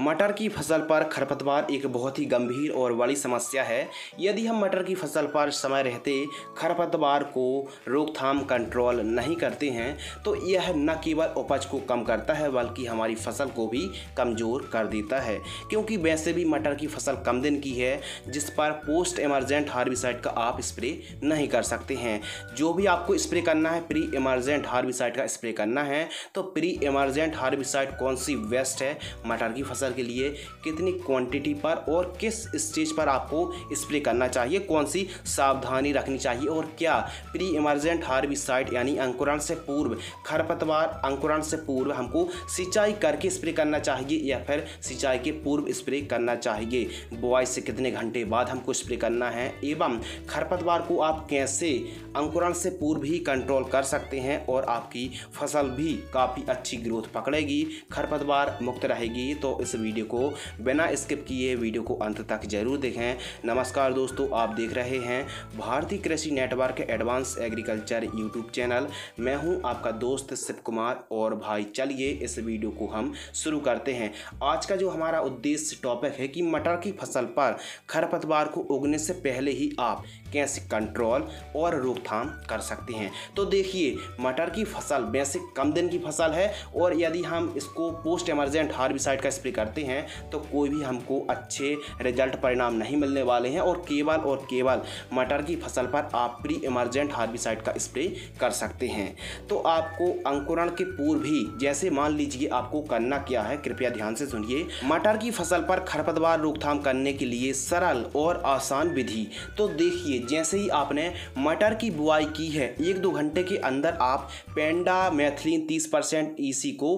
मटर की फसल पर खरपतवार एक बहुत ही गंभीर और बड़ी समस्या है यदि हम मटर की फसल पर समय रहते खरपतवार को रोकथाम कंट्रोल नहीं करते हैं तो यह न केवल उपज को कम करता है बल्कि हमारी फसल को भी कमज़ोर कर देता है क्योंकि वैसे भी मटर की फसल कम दिन की है जिस पर पोस्ट इमरजेंट हार्बिसाइड का आप स्प्रे नहीं कर सकते हैं जो भी आपको स्प्रे करना है प्री इमरजेंट हार्बिसाइड का स्प्रे करना है तो प्री इमरजेंट हार्बिसाइड कौन सी वेस्ट है मटर की फसल कैंसर के लिए कितनी क्वांटिटी पर और किस स्टेज पर आपको स्प्रे करना चाहिए कौन सी सावधानी रखनी चाहिए और क्या प्री इमरजेंट हार्बिसाइड यानी अंकुरण से पूर्व खरपतवार अंकुरण से पूर्व हमको सिंचाई करके स्प्रे करना चाहिए या फिर सिंचाई के पूर्व स्प्रे करना चाहिए बुआई से कितने घंटे बाद हमको स्प्रे करना है एवं खरपतवार को आप कैसे अंकुरण से पूर्व ही कंट्रोल कर सकते हैं और आपकी फसल भी काफ़ी अच्छी ग्रोथ पकड़ेगी खरपतवार मुक्त रहेगी तो इस वीडियो को बिना स्किप किए वीडियो को अंत तक जरूर देखें नमस्कार दोस्तों आप देख रहे हैं भारतीय कृषि network advance agriculture YouTube channel मैं हूं आपका दोस्त शिव कुमार और भाई चलिए इस वीडियो को हम शुरू करते हैं आज का जो हमारा उद्देश्य टॉपिक है कि मटर की फसल पर खरपतवार को उगने से पहले ही आप कैसे कंट्रोल और रोकथाम कर सकते हैं तो देखिए मटर की फसल वैसे कम दिन की फसल है और यदि हम इसको पोस्ट एमरजेंट हार्बिसाइड का स्प्रे कर करते हैं तो कोई भी हमको अच्छे रिजल्ट परिणाम नहीं मिलने वाले हैं और केवल और केवल मटर की फसल पर आप प्री इमरजेंट हार्बिसाइड का स्प्रे कर सकते हैं तो आपको अंकुरण के पूर्व भी जैसे मान लीजिए आपको करना क्या है कृपया ध्यान से सुनिए मटर की फसल पर खरपतवार रोकथाम करने के लिए सरल और आसान विधि तो देखिए जैसे ही आपने मटर की बुआई की है एक दो घंटे के अंदर आप पेंडा मैथिलीन तीस परसेंट ई e को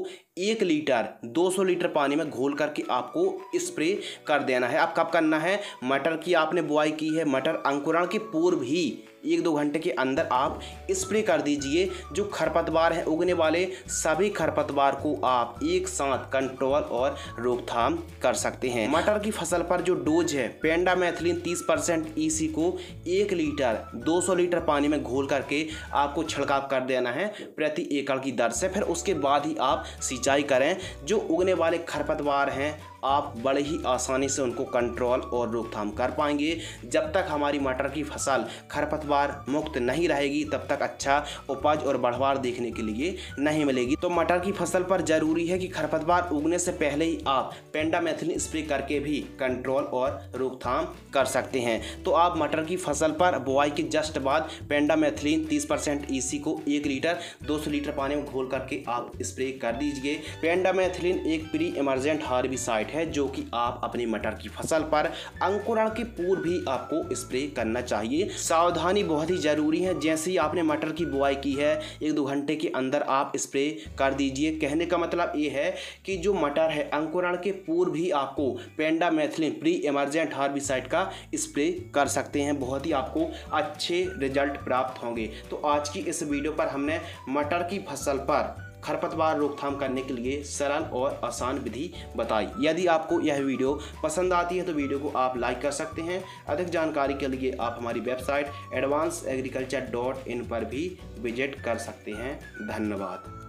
एक लीटर 200 लीटर पानी में घोल करके आपको स्प्रे कर देना है आप कब करना है मटर की आपने बुआई की है मटर अंकुरण के पूर्व ही एक दो घंटे के अंदर आप स्प्रे कर दीजिए जो खरपतवार हैं उगने वाले सभी खरपतवार को आप एक साथ कंट्रोल और रोकथाम कर सकते हैं मटर की फसल पर जो डोज है पेंडा मैथिलीन तीस परसेंट ई e को एक लीटर 200 लीटर पानी में घोल करके आपको छिड़काव कर देना है प्रति एकड़ की दर से फिर उसके बाद ही आप सिंचाई करें जो उगने वाले खरपतवार हैं आप बड़े ही आसानी से उनको कंट्रोल और रोकथाम कर पाएंगे जब तक हमारी मटर की फसल खरपतवार मुक्त नहीं रहेगी तब तक अच्छा उपज और बढ़वार देखने के लिए नहीं मिलेगी तो मटर की फसल पर जरूरी है कि खरपतवार उगने से पहले ही आप पेंडामेथिन स्प्रे करके भी कंट्रोल और रोकथाम कर सकते हैं तो आप मटर की फसल पर बुआई के जस्ट बाद पेंडामेथिलीन तीस परसेंट ई e को एक लीटर सौ लीटर पानी में घोल करके आप स्प्रे कर दीजिए पेंडामेथिलीन एक प्री इमरजेंट हार्बिसाइड कीटनाशक है जो कि आप अपनी मटर की फसल पर अंकुरण के पूर्व भी आपको स्प्रे करना चाहिए सावधानी बहुत ही ज़रूरी है जैसे ही आपने मटर की बुआई की है एक दो घंटे के अंदर आप स्प्रे कर दीजिए कहने का मतलब ये है कि जो मटर है अंकुरण के पूर्व भी आपको pendimethalin pre emergent herbicide का स्प्रे कर सकते हैं बहुत ही आपको अच्छे रिजल्ट प्राप्त होंगे तो आज की इस वीडियो पर हमने मटर की फसल पर खरपतवार रोकथाम करने के लिए सरल और आसान विधि बताई यदि आपको यह वीडियो पसंद आती है तो वीडियो को आप लाइक कर सकते हैं अधिक जानकारी के लिए आप हमारी website advance agriculture dot in पर भी विजिट कर सकते हैं धन्यवाद